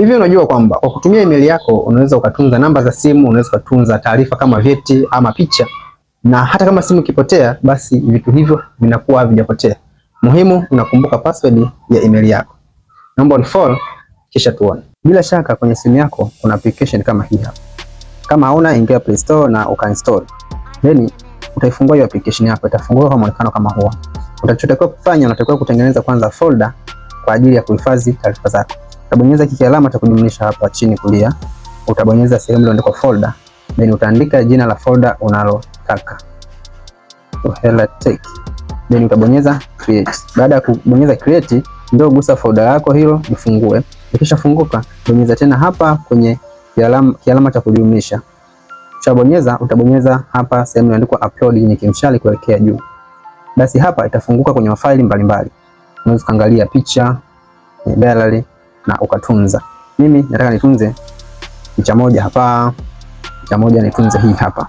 Hivi unajua kwamba kwa kutumia email yako unaweza ukatunza namba za simu, unaweza ukatunza taarifa kama vyeti ama picha, na hata kama simu ikipotea, basi vitu hivyo vinakuwa havijapotea. Muhimu unakumbuka password ya email yako. Naomba unfollow kisha tuone. Bila shaka kwenye simu yako kuna application kama hii hapa. Kama hauna, ingia Play Store na ukainstall. Then utaifungua hiyo application yako, itafunguka kwa muonekano kama huo. Utachotakiwa kufanya, unatakiwa kutengeneza kwanza folder kwa ajili ya kuhifadhi taarifa zako utabonyeza kiki alama cha kujumlisha hapa chini kulia, utabonyeza sehemu iliyoandikwa folder, then utaandika jina la folder unalotaka Hela Tech, then utabonyeza create. Baada ya kubonyeza create, ndio gusa folder yako hilo ifungue. Ikishafunguka bonyeza tena hapa kwenye kialama, kialama cha kujumlisha Ukishabonyeza utabonyeza hapa sehemu iliyoandikwa upload yenye kimshale kuelekea juu. Basi hapa itafunguka kwenye mafaili mbalimbali, unaweza kuangalia picha, eh, gallery na ukatunza. Mimi nataka nitunze picha moja hapa, picha moja nitunze hii hapa.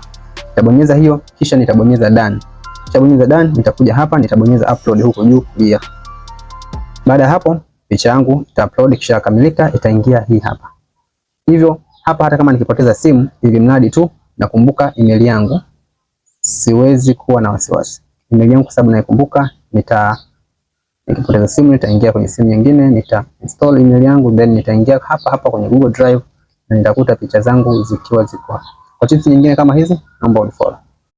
Nitabonyeza hiyo, kisha nitabonyeza done. Nitabonyeza done, nitakuja hapa, nitabonyeza upload huko juu kulia. Baada ya hapo picha yangu ita upload kisha kamilika, itaingia hii hapa. Hivyo hapa, hata kama nikipoteza simu, ili mradi tu nakumbuka email yangu, siwezi kuwa na wasiwasi. Email yangu kwa sababu naikumbuka nita Nikipoteza simu nitaingia kwenye simu nyingine, nita install email yangu then nitaingia hapa hapa kwenye Google Drive na nitakuta picha zangu zikiwa ziko. Kwa tips nyingine kama hizi, naomba unifollow.